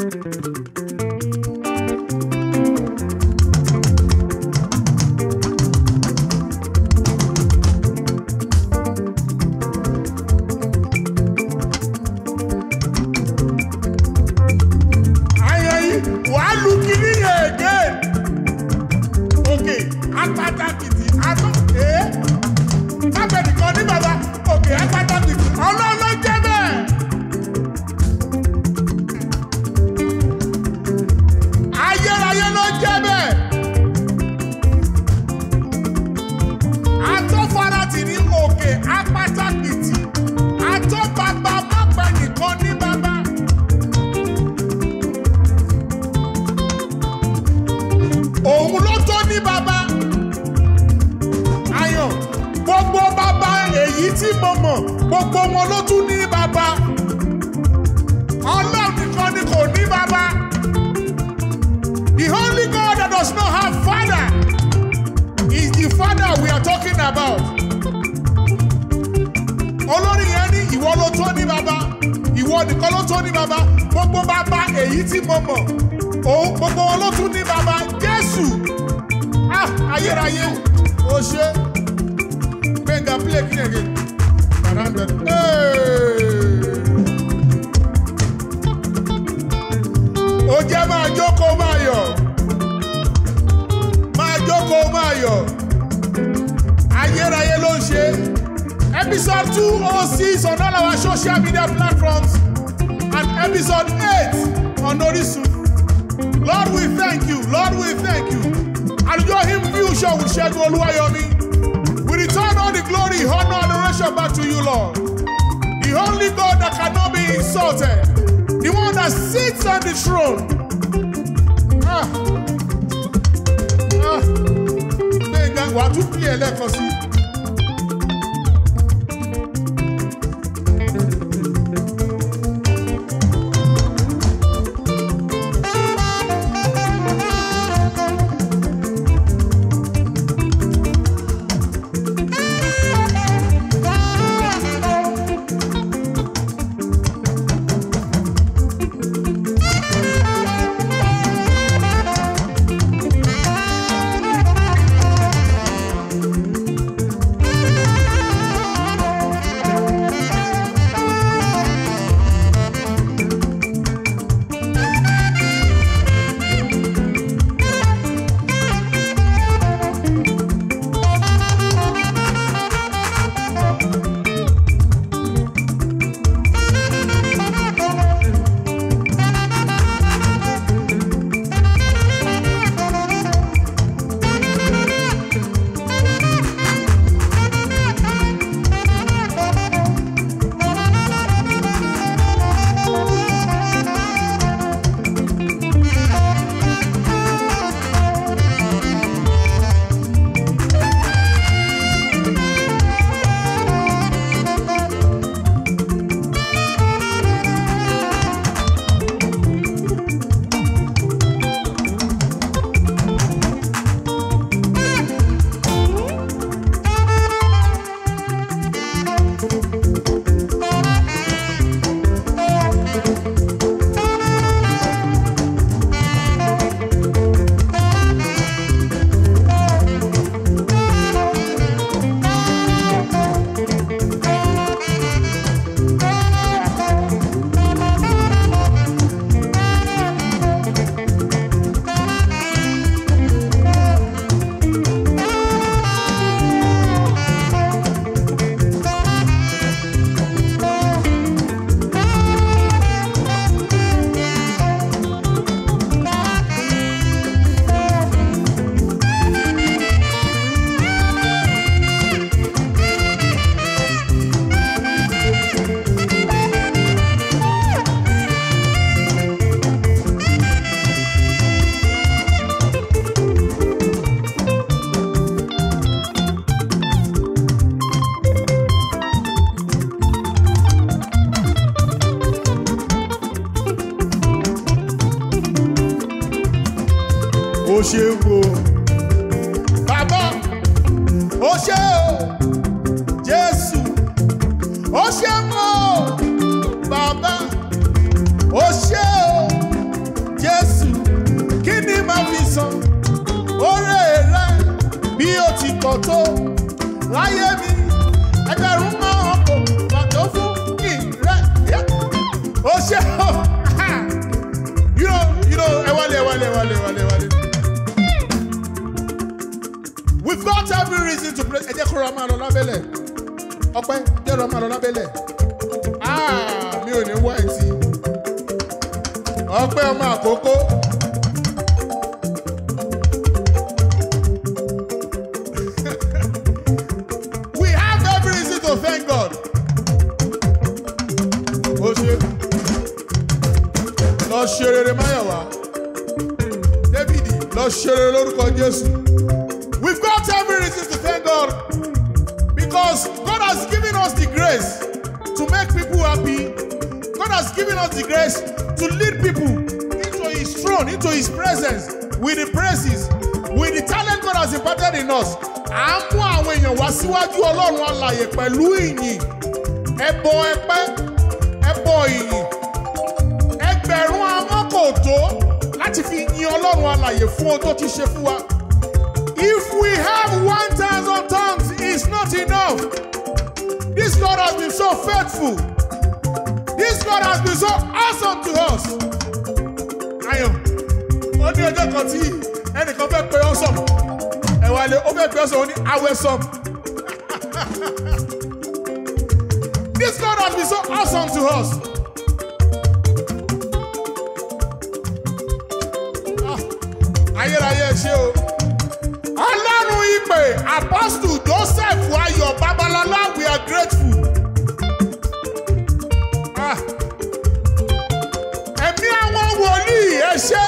Thank you. ó jẹ́ máa jókòó máa yọ̀ máa jókòó máa yọ̀ ayérayé ló ń ṣe episode two oh six on all our social media platforms and episode eight on Orisun Lord we thank you Lord we thank you àlùjọ hymn fusion with Ṣẹ́gun Olúwayọ̀mí we return all the glory honour adoration back to you Lord the only God that cannot be insulted the one that sits on the throne. Ah. Ah. Gbẹ̀ngà wàá tún pè é lẹ́ẹ̀kan sí i. ṣe wò. Bàbá ó ṣe o Jésù ó ṣe mọ́ o bàbá ó ṣe o Jésù kí ni màá fi san oore rẹ bí ó ti pọ̀ tó láyé mi. you've got every reason to praise. ẹ jẹ́ kó ra máa lọ lábẹ́lẹ̀ ọpẹ́ jẹ́ ra máa lọ lábẹ́lẹ̀ ah, mi ò ní wá ẹ̀ tí ọpẹ́ ọmọ àkókò. síwájú ọlọ́run alàyè pẹ̀lú ìyìn ẹbọ ẹpẹ́ ẹbọ ìyìn ẹgbẹ̀rún àwọn láti fi yin ọlọ́run alàyè fún ohun tó ti ṣe fún wa. If we have one thousand tongues it's not enough. This God has been so faithful. This God has been so awesome to us. Ayọ̀, ó ní ọjọ́ kan tí ẹnìkan fẹ́ pe ọ́ sọ̀rọ̀. Ẹ̀wà lè ó fẹ́ pe ọ́ sọ̀rọ̀ ó ní awẹ́ sọ̀rọ̀. This God has been so awesome to us. Ah, ayérayé ṣe o. Ọlọ́run ìpè Apostle Joseph Ayọ̀ Babalọlá we are grateful. Ah, ẹ̀mí àwọn wòlíì ẹ ṣé.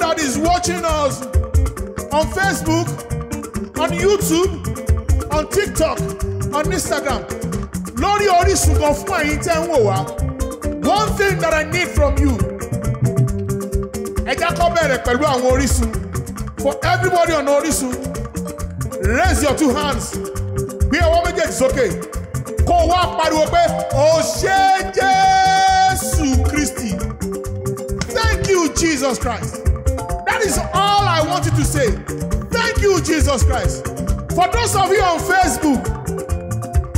that is watching us on Facebook, on YouTube, on TikTok, on Instagram. Lórí Orísun gan fún ẹ̀yin tẹ́ ń One thing that I need from you. Ẹ jẹ́ kó bẹ̀rẹ̀ For everybody on Orísun, raise your two hands. Gbé ọwọ́ méjèèjì sókè. Kó o wá pariwo pé o ṣé Jésù Kristi. Thank you Jesus Christ. That is all I wanted to say. Thank you, Jesus Christ. For those of you on Facebook,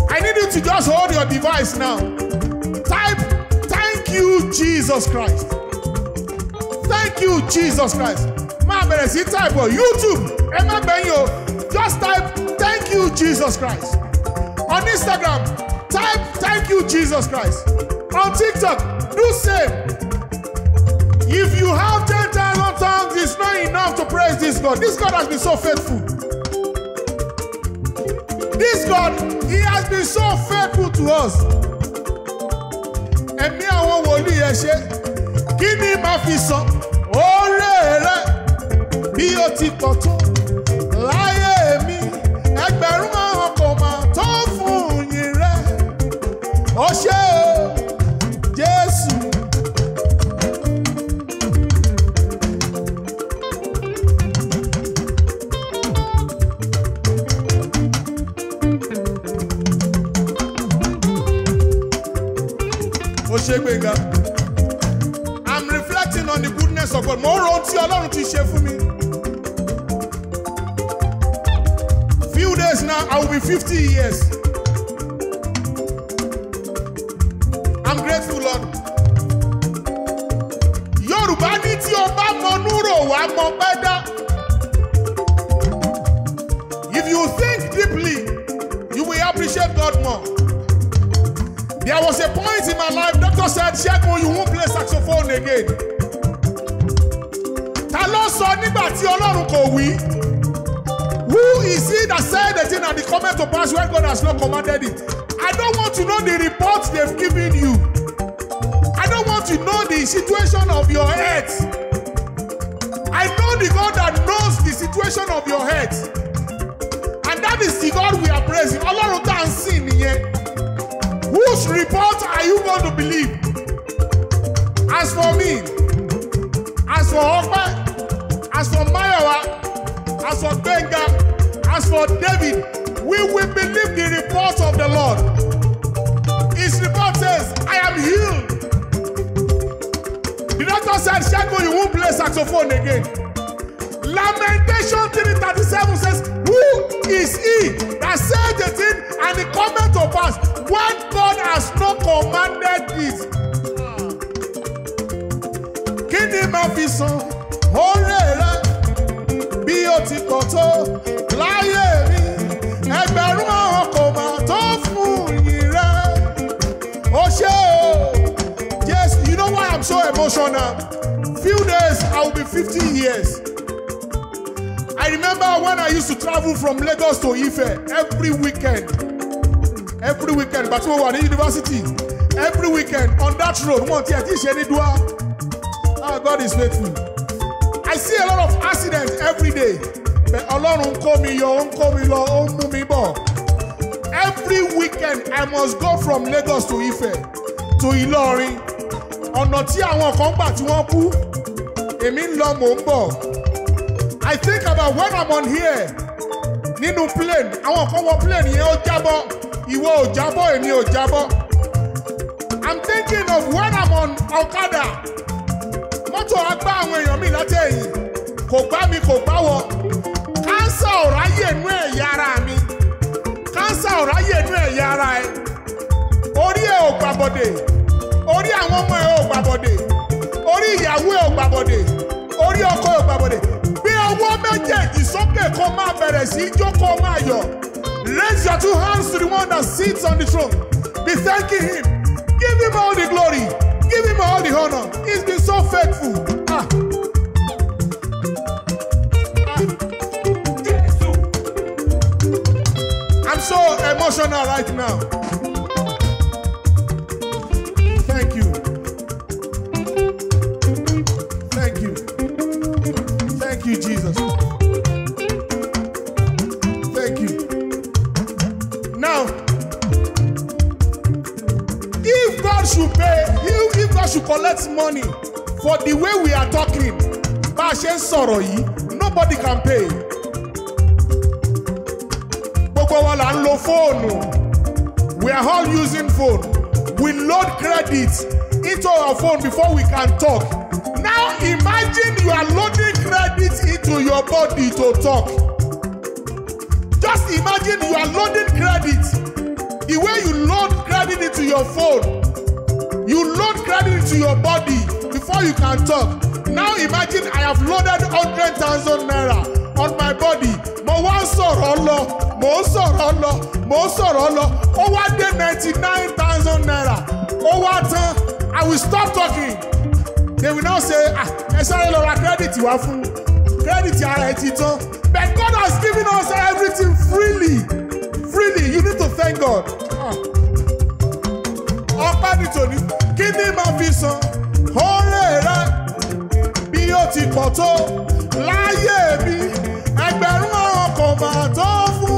I need you to just hold your device now. Type, thank you, Jesus Christ. Thank you, Jesus Christ. Máa bẹ̀rẹ̀ type on YouTube. Emma Benyo, Just type, thank you, Jesus Christ. On Instagram, type, thank you, Jesus Christ. On TikTok, do same. If you have 10,000 tongues, it's not enough to praise this God. This God has been so faithful. This God, He has been so faithful to us. Ẹ̀mí àwọn wòlíì ẹ ṣe, kí ni màá fi san? Ó rèé rẹ̀ bí ó ti pọ̀ Òṣègbèga I'm reflecting on the goodness of God mo ń ro ohun tí Ọlọ́run ti ṣe fún mi. Few days now I will be fifty years. I'm grateful Lord. Yorùbá ní tí o bá mọnú rò wá mọ pẹ́ dá. If you think deeply, you will appreciate God more. There was a point in my life pastor said Ṣẹ́gun you won't play saxophone again. ta ló sọ nígbà tí Ọlọ́run kò wí. who is it that said the thing and the comment to pass when God has not commanded it. I don't want to know the report they've given you. I don't want to know the situation of your health. I know the God that knows the situation of your head. And that is the God we are praising. Ọlọ́run tá à ń sìn nìyẹn. Whose report are you going to believe? As for me, as for Ope, as for Mayowa, as for Benga, as for David, we will believe the report of the Lord. His report says, I am healed. The doctor said, Sheko, you won't play saxophone again. Lamentation 337 says, Who is he that said the thing and it cometh to pass? God has not commanded it. Kini ni màá fi san? Oore rẹ̀ bí o ti pọ̀ tó láyé mi. Ẹgbẹ̀rún àwọn kò mà tó fún yìí rẹ̀. O ṣé o, yes, you know why I'm so emotional? Few days I will be fifty years. I remember when I used to travel from Lagos to Ife every weekend every weekend gbàtí mo wà ní yunifásitì every weekend on that road wọn tiẹ̀ tí ì ṣe ní dua ah God is faithful I see a lot of accidents every day but Ọlọ́run ń kó mi yọ ó ń kó mi lọ ó ń mú mi bọ̀ every weekend I must go from Lagos to Ife to Ìlọrin ọ̀nà tí àwọn kan gbà tí wọ́n kú èmi ń lọ mò ń bọ̀. I think about when I'm on here nínú plane àwọn kan wọ plane yẹn ó jábọ́ ìwọ ò jábọ́ èmi ò jábọ́ i'm thinking of when i'm on ọ̀kadà mọ́tò á gbá àwọn èèyàn mi láti ẹ̀yìn kò gbá mi kò gbá wọ kánsà ọ̀ráyè inú ẹ̀yà ara mi kánsà ọ̀ráyè inú ẹ̀yà ara ẹ orí ẹ ò gbàbọ̀dè orí àwọn ọmọ ẹ ò gbàbọ̀dè orí ìyàwó ẹ ò gbàbọ̀dè orí ọkọ ẹ ò gbàbọ̀dè gbé ọwọ́ méjèèjì sókè kó máa bẹ̀rẹ̀ sí í jó máa yọ̀. Raise your two hands to the one that sits on the throne. Be thanking him. Give him all the glory. Give him all the honor. He's been so faithful. Ah. ah. I'm so emotional right now. collect money for the way we are talking bá a ṣe ń sọ̀rọ̀ yìí nobody can pay. gbogbo wa la ń lo fóònù we are all using phone we load credit into our phone before we can talk now imagine you are loading credit into your body to talk just imagine you are loading credit the way you load credit into your phone You load credit into your body before you can talk. Now imagine I have loaded hundred thousand naira on my body. Mo wá ń sọ̀rọ̀ lọ, mo ń sọ̀rọ̀ lọ, mo ń sọ̀rọ̀ lọ. Ó wá dé ninety nine thousand naira. Ó wá tán. I will stop talking. They will now say, ah, ẹ sáré lọ ra credit wá fún credit ara ẹ ti tán. But God has given us everything freely. Freely, you need to thank God bá ní tòní kí ni màá fi san oore rẹ bí ó ti pọ̀ tó láyé mi ẹgbẹ̀rún ọ̀rọ̀ kò máa tó fún.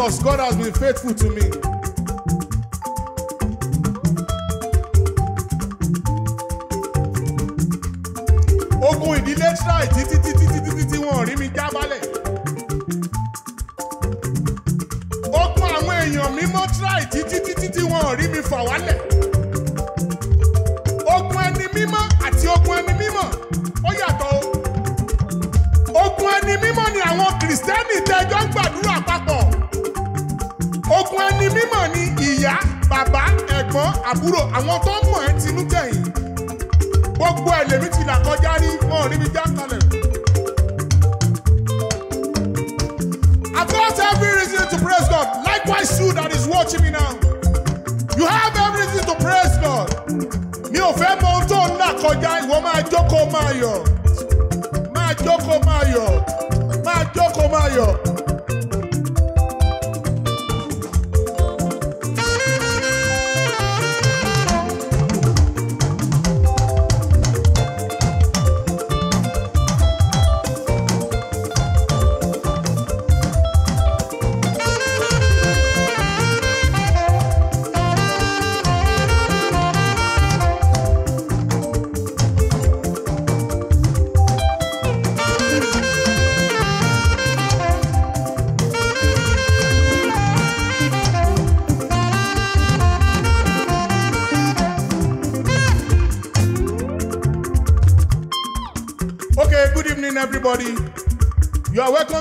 because God has been faithful to me.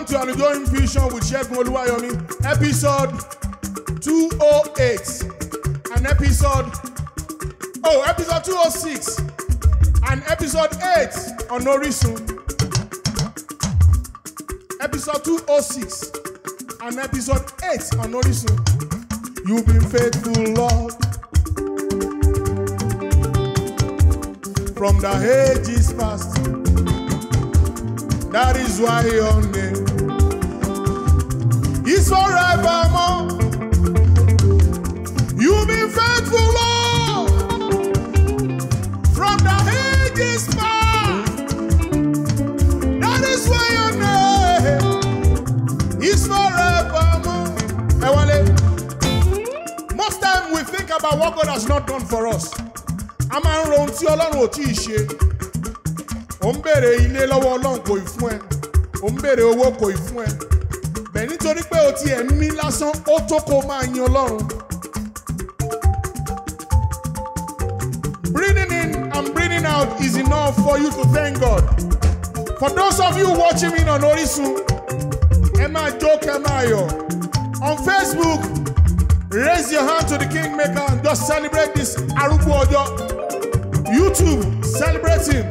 to Anodorin Fusion with Chef Oluwayomi, episode 208, and episode, oh, episode 206, and episode 8 on Norisu. Episode 206 and episode 8 on Norisu. You've been faithful, Lord. From the ages past, that is why your name. forevermore. You've been faithful, Lord, from the ages past. That is why your name is forevermore. Ewale, most time we think about what God has not done for us. ń rohun ilé lọ́wọ́ Ọlọ́run kò ì fún ẹ. Ò ń béèrè owó kò ì fún ẹ nítorí pé o tiẹ̀ mí lásán ó tó kó máa yin ọlọ́run. Breathing in and breathing out is enough for you to thank God. For those of you watching me on Orisun, ẹ máa jó máa yọ̀. On Facebook, raise your hand to the King Maker and just celebrate this arúgbó ọjọ́. YouTube, celebrating,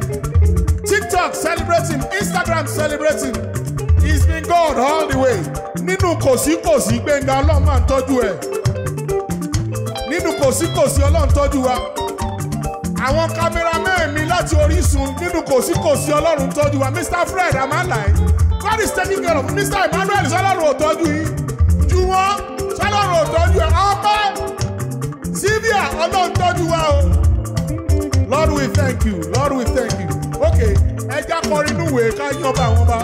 TikTok, celebrating, Instagram, celebrating in God all the way nínú kòsíkòsí Gbénga Ọlọ́run máa ń tọ́jú ẹ̀ nínú kòsíkòsí Ọlọ́run tọ́jú wa àwọn kámẹ́rámẹ́n mi láti Orísun nínú kòsíkòsí Ọlọ́run tọ́jú wa Mr. Fred Amalai God is taking care of Mr. Emmanuel sọlọ́run ò tọ́jú yín ju wọ́n sọlọ́run ò tọ́jú ẹ̀ ọpẹ́ Sylvia Ọlọ́run tọ́jú wa o Lord we thank you Lord we thank you okay ẹ já kọrin núwèé ká yín ọba àwọn ọba.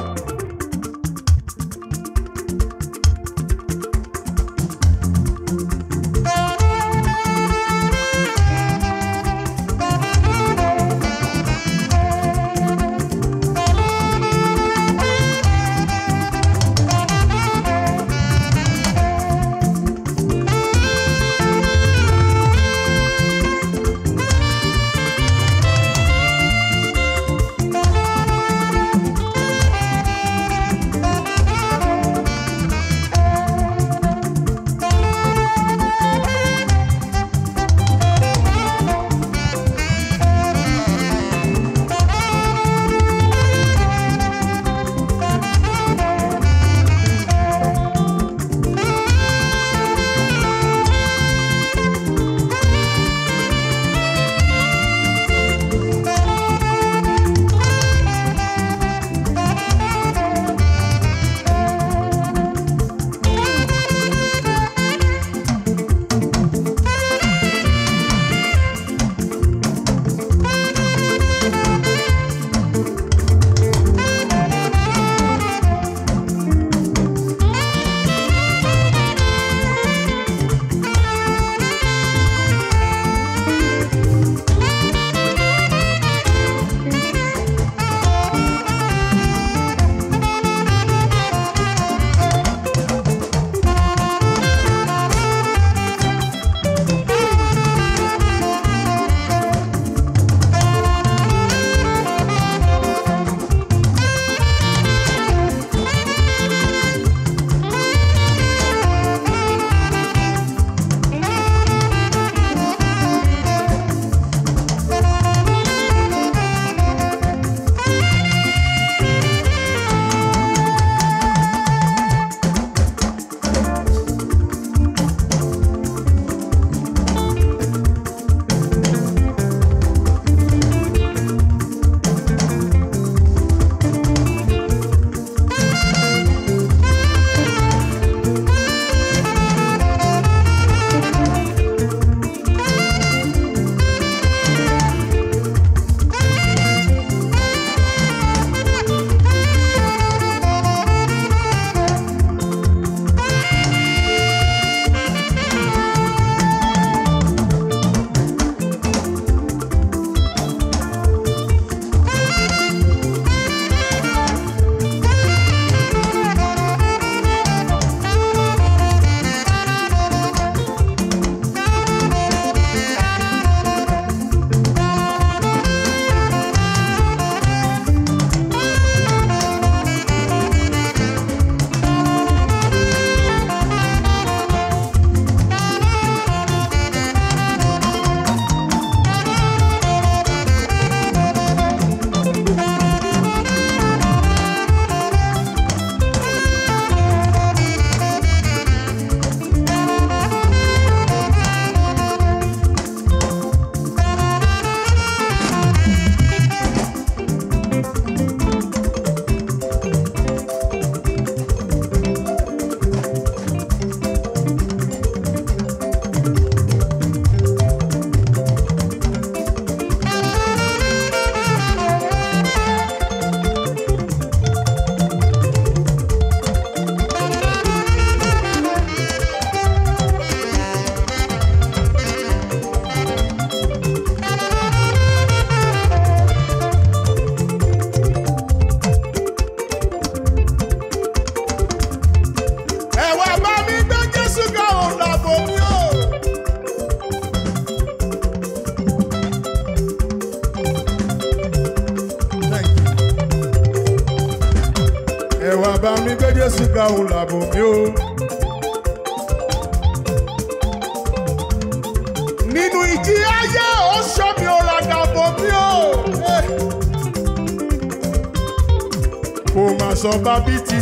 ọmọ bíi ti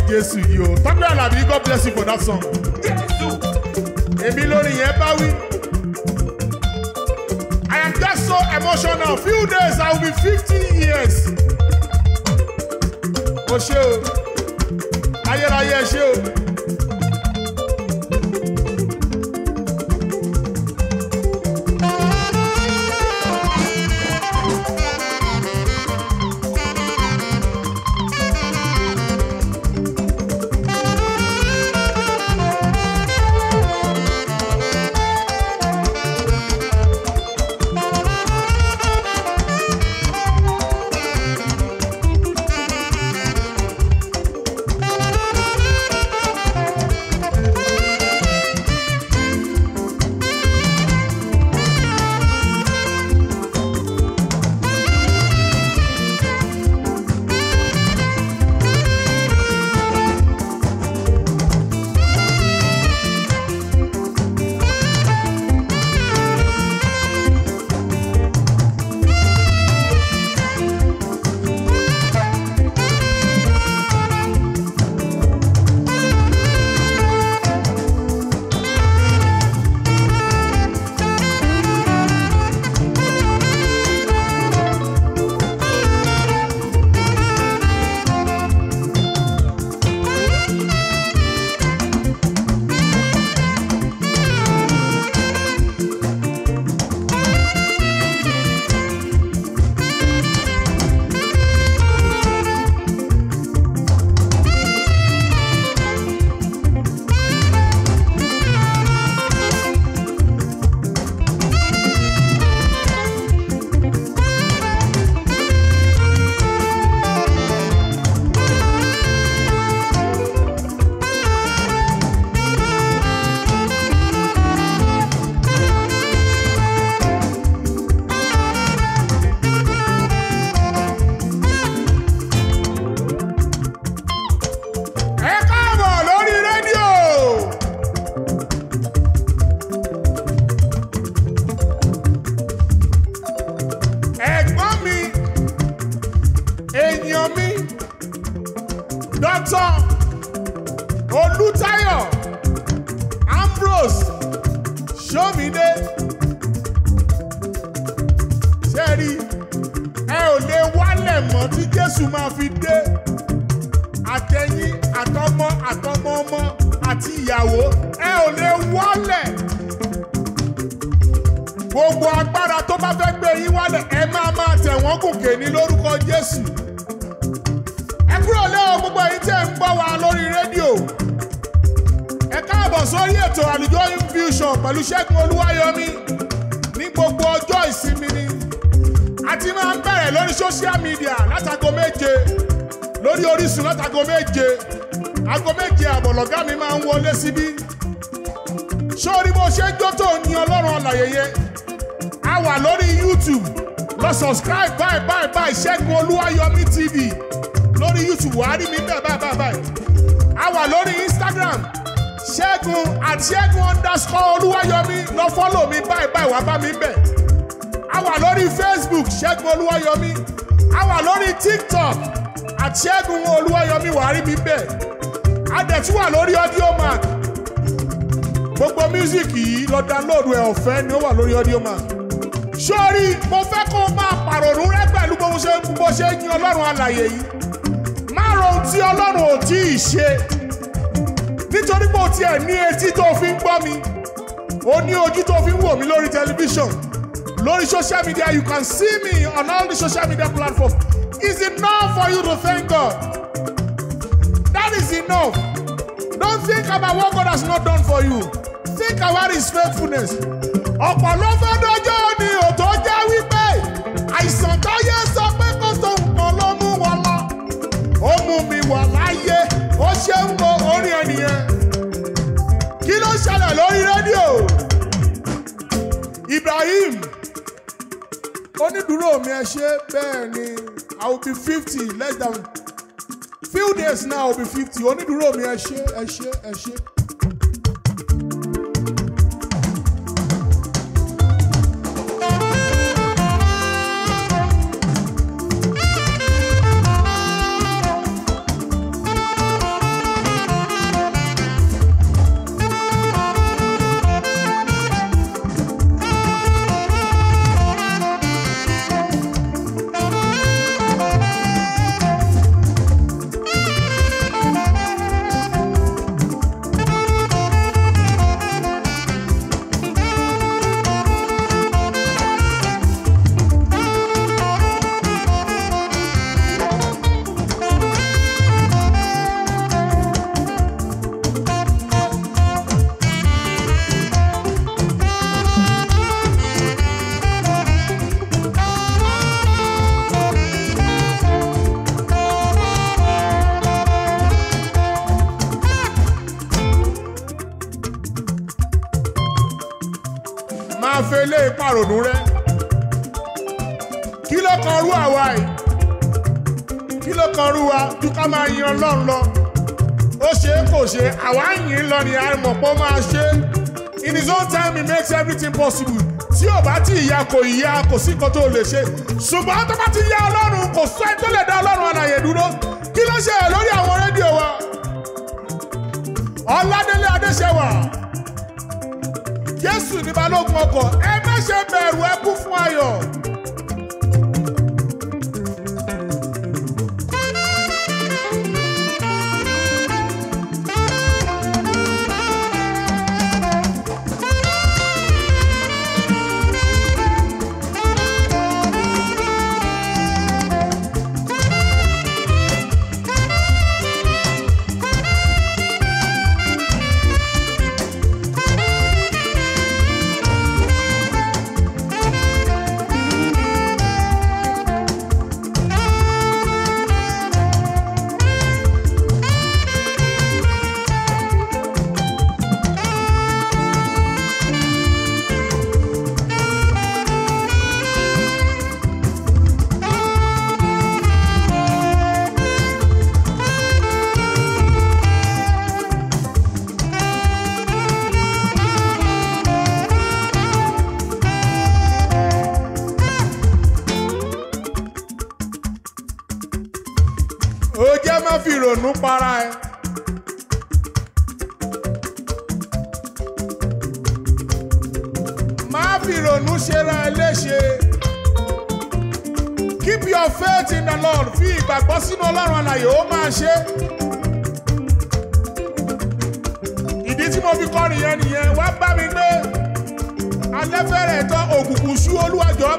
Tọ́pẹ́ Àlàbí God bless you for that song. Èmi lórí yẹn bá wí. I am just so emotional few days I will be fifty years. O ṣé o, ayérayé ṣé o. jésù máa fi dé àtẹ̀yìn àtọmọ àtọmọ ọmọ àti ìyàwó ẹ ò lè wọ́lẹ̀ gbogbo agbára tó bá fẹ́ gbé yín wálẹ̀ ẹ máa máa tẹ̀ wọ́n gòkè ní lórúkọ jésù ẹ kúrò lé o gbogbo èyí tẹ̀ ń gbọ́ wa lórí rédíò ẹ káàbọ̀ sórí ètò àlùjọ infusion pẹ̀lú ṣẹ́gun olúwayọ̀mí ní gbogbo ọjọ́ ìsinmi ni a ti máa ń bẹ̀rẹ̀ lórí social media látago méje lórí Orísun látago méje ago méje àbọ̀ mi máa ń wọlé síbí sórí bó ṣe jó tó ní ọlọ́run ọ̀làyẹyẹ a wà lórí YouTube lọ subscribe báyìí báyìí báyìí Ṣẹ́gun Olúwayọmí TV lórí YouTube wàá mi bẹ́ẹ̀ báyìí báyìí báyìí a wà lórí Instagram Ṣẹ́gun àti Ṣẹ́gun underscore Olúwayọmí lọ fọ́lọ̀ mi báyìí báyìí wàá bá mi bẹ́ẹ̀ wà lórí Facebook Ṣẹ́gun Olúwayọ̀mí a wà lórí TikTok at Ṣẹ́gun Olúwayọ̀mí wàá rí mi bẹ́ẹ̀ a dẹ̀ tún wà lórí audiomack gbogbo music yìí lọ download ẹ̀ ọ̀fẹ́ ni ó wà lórí audiomack sórí mo fẹ́ kó o máa pàrònú rẹ pẹ̀lú bó ṣe bó ṣe ń yin Ọlọ́run alàyè yìí má ro ohun tí Ọlọ́run ò tí ì ṣe nítorí pé o tiẹ̀ ní etí tó fi ń gbọ́ mi o ní ojú tó fi ń wò mí lórí tẹlifíṣàn Glory Social Media, you can see me on all the social media platforms. It's enough for you to thank God. That is enough. Don't think about what God has not done for you. Think about His faithfulness. Ọ̀pọ̀ dọ́jọ́ ni òtó jẹ́ wípé àìsàn táyé sọ pé kó sóhun kan ló mú wọn lọ. Ó mú mi wà láyé, ó ṣe ń wo orí ẹnìyẹn. Kí ló ń ṣẹlẹ̀ lórí rédíò? Ibrahim onídùúró mi ẹ ṣe bẹ́ẹ̀ ni i will be fifty less than few days now i will be fifty onídùúró mi ẹ ṣe ẹ ṣe ẹ ṣe. rònú rẹ kí ló kan rú àwa kí ló kan rú wa ju ká máa yin ọlọ́run lọ ó ṣe é kò ṣe àwa yìn lọ ni àìmọ̀pọ̀ máa ṣe in his own time he makes everything possible tí ò bá ti ìyá kò ìyá kò sí nǹkan tó lè ṣe ṣùgbọ́n tó bá ti yá ọlọ́run kò sẹ́ni tó lè dá ọlọ́run àlàyé dúró kí ló ṣe lórí àwọn rédíò wa ọládélé adéṣẹwà jésù ní balógun ẹ ṣe bẹ̀rù ẹkún fún ayọ̀. ọlọ́run àlàyé ó máa ṣe ìdí tí mo fi kọ́ nìyẹn nìyẹn wá bá mi gbé alẹ́ fẹ́rẹ̀ tán òkùnkùn ṣú olúwa jọ̀ọ́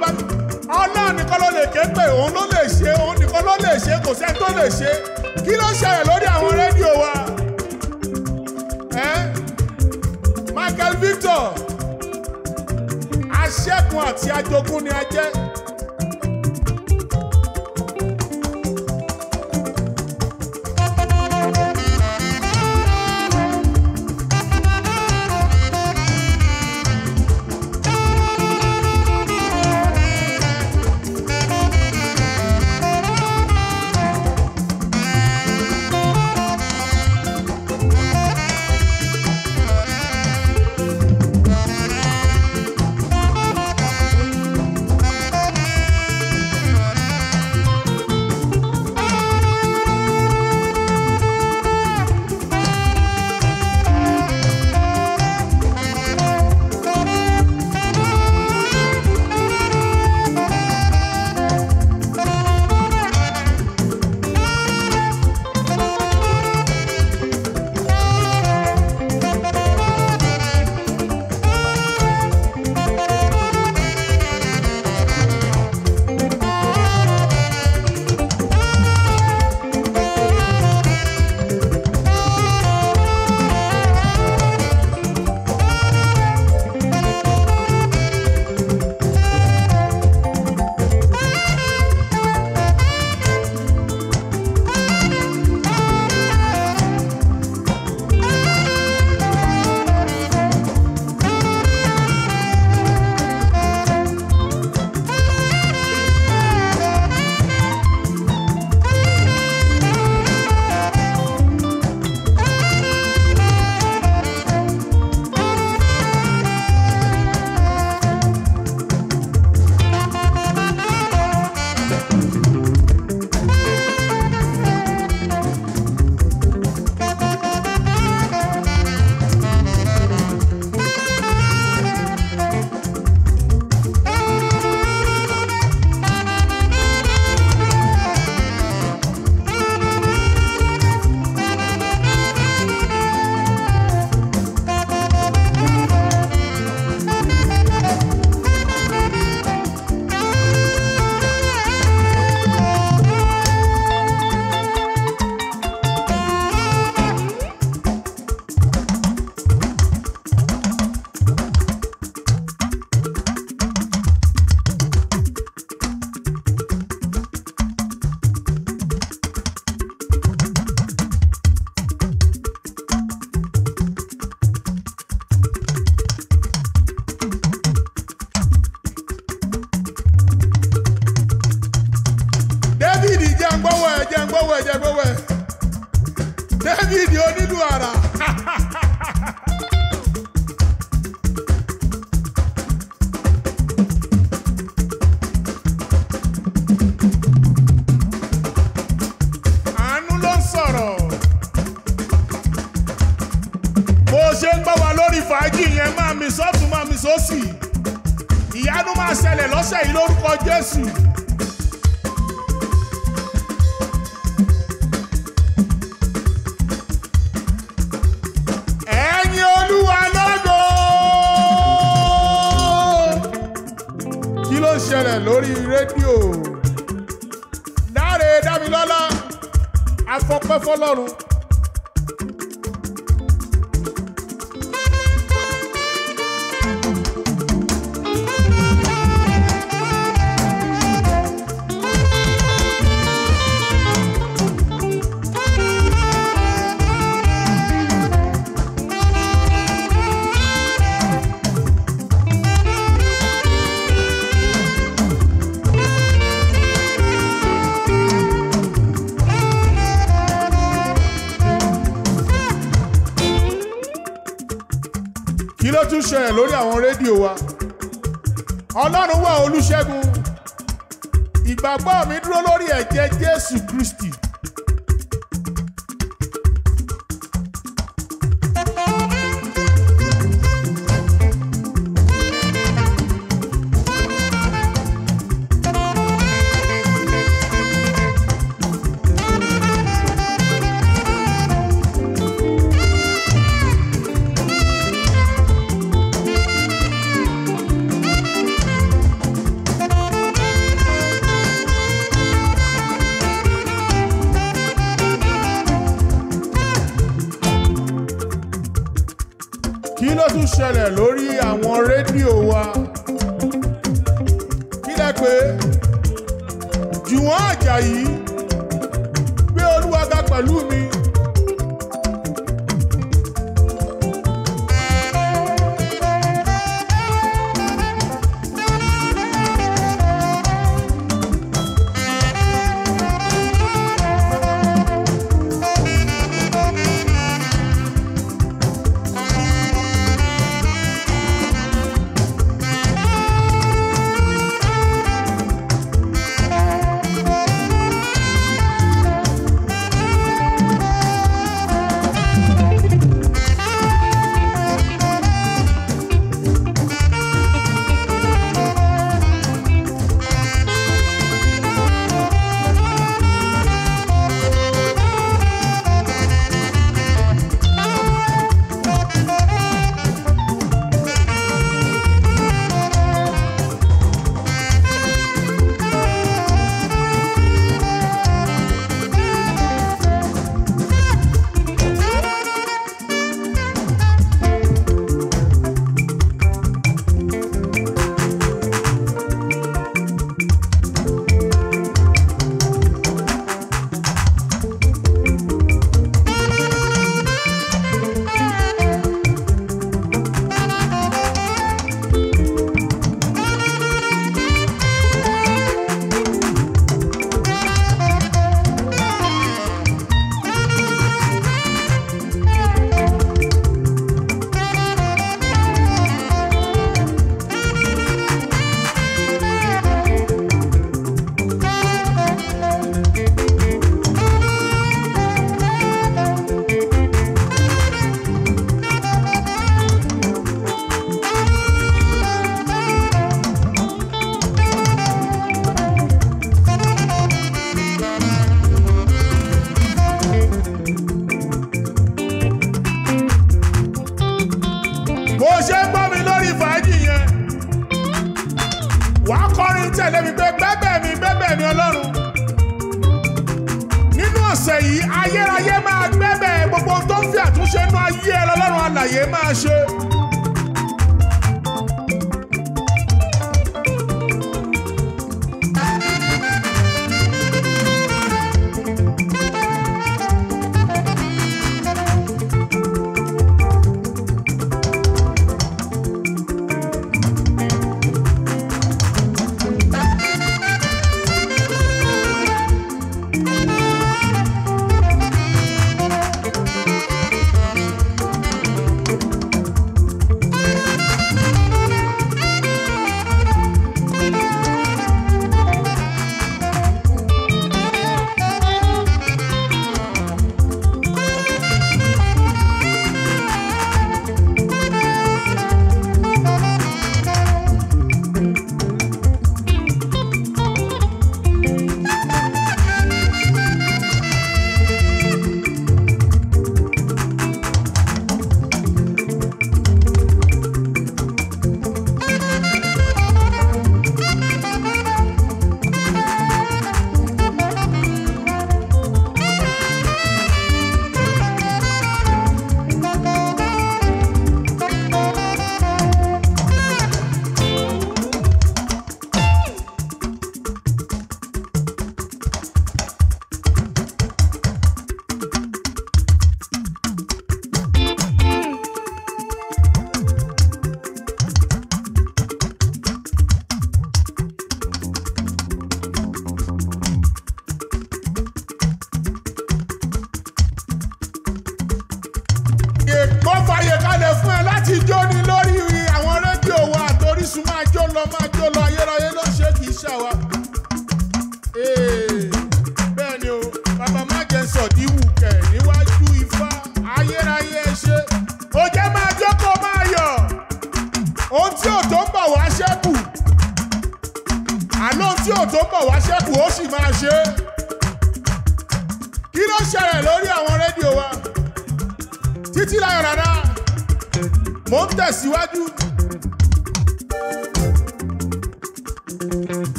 ọlọ́run nìkan ló lè ké pé òun ló lè ṣe òun nìkan ló lè ṣe kò sẹ́ni tó lè ṣe kí ló ṣẹlẹ̀ lórí àwọn rédíò wa eh? Michael Victor aṣẹ́kun àti ajogún ni a jẹ́ ṣẹlẹ̀ lórí àwọn rédíò wa ọlọ́run wà olúṣẹ́gun ìgbàgbọ́ mi dúró lórí ẹ̀jẹ̀ jésù kristi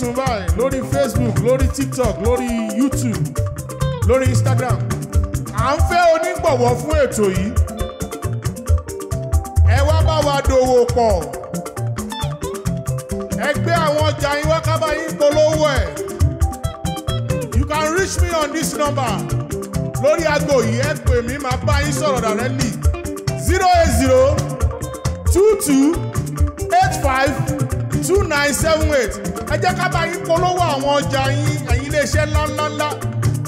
Orísun báyìí lórí Facebook lórí TikTok lórí YouTube lórí Instagram à ń fẹ́ onígbọ̀wọ́ fún ètò yìí ẹ wá bá wa dòwò pọ̀ ẹ gbé àwọn ọjà yín wá ká bá yín polówó ẹ̀ you can reach me on this number lórí aago yìí ẹ pè mí máa bá yín sọ̀rọ̀ directly zero eight zero two two eight five two nine seven eight ẹ jẹ́ ká bá yín polówó àwọn ọjà yín ẹ̀yin iléeṣẹ́ ńláńláńlá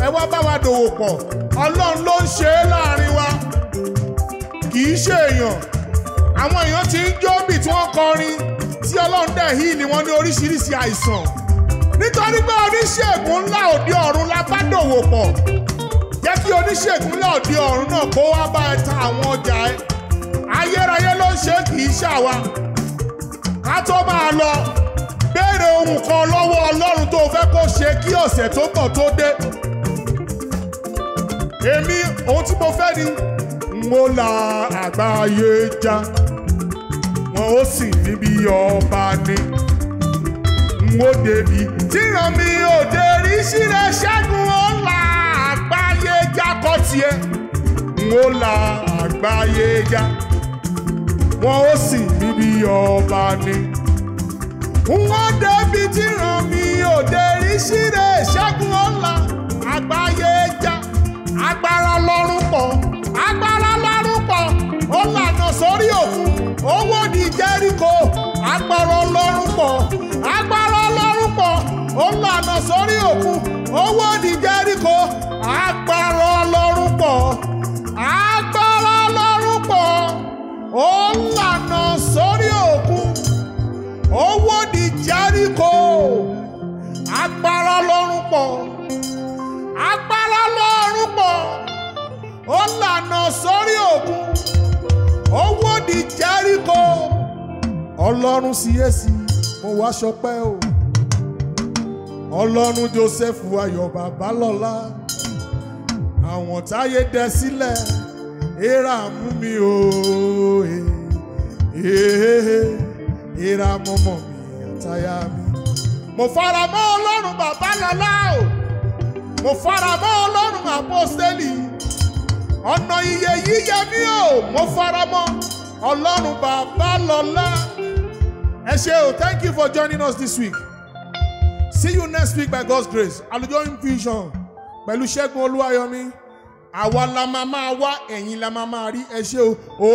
ẹ wá bá wa dòwò pọ̀ ọlọ́run ló ń ṣe é láàrin wa kì í ṣe èèyàn àwọn èèyàn ti ń jó bì tí wọ́n kọrin tí ọlọ́run dẹ̀ hí ni wọ́n ní oríṣiríṣi àìsàn nítorí pé oníṣègùn ńlá òde ọ̀run la bá dòwò pọ̀ jẹ́ kí oníṣègùn ńlá òde ọ̀run náà kó wá bá ẹ ta àwọn ọjà ẹ ayérayé ló ń ṣe kì í ṣàwa ká tó máa lọ béèrè ohun kan lọ́wọ́ ọlọ́run tó fẹ́ kó ṣe kí ọ̀sẹ̀ tó kàn tó dé èmi ohun tí mo fẹ́ ni mo la àgbáyé já wọn ó sì níbi ọba ni mo débi tíran mi ò dé rí sílẹ̀ ṣẹ́gun ó la àgbáyé já kọ́ tiẹ̀ mo la àgbáyé já wọn ó sì níbi ọba ni wọ́n débi tí ràn mí òde rí síre ṣẹ́gun ọ̀la àgbáyé já agbára lọ́rùn pọ̀ agbára lọ́rùn pọ̀ ó lànà sórí òkun owó ní Jẹ́ríkò agbára lọ́rùn pọ̀ agbára lọ́rùn pọ̀ ó lànà sórí òkun owó ní Jẹ́ríkò agbára lọ́rùn pọ̀ agbára lọ́rùn pọ̀ ó sórí òkun owó ní. Jẹ́ríkò agbára lọ́rùn pọ̀ agbára lọ́rùn pọ̀ ó lànà sórí òkun ó wòdì Jẹ́ríkò ọlọ́run síyèsí mo wá ṣọpẹ́ o ọlọ́run Joseph ayọ̀ babalọ́lá àwọn táyé dẹ sílẹ̀ èèrà mú mi o èèrà mọ́mọ́ mi taya mi. mo fara mọ́ ọlọ́run bàbá lọ́lá o mo fara mọ́ ọlọ́run àpọ́sẹ́lì ọ̀nà iye yíyẹ mi o mo fara mọ́ ọlọ́run bàbá lọ́lá. ẹ ṣé o thank you for joining us this week see you next week by God's grace AlujoHymn Fusion pẹ̀lú Ṣẹ́gun Olúwayọ̀mí àwa la máa máa wá ẹ̀yin la máa máa rí ẹ ṣé o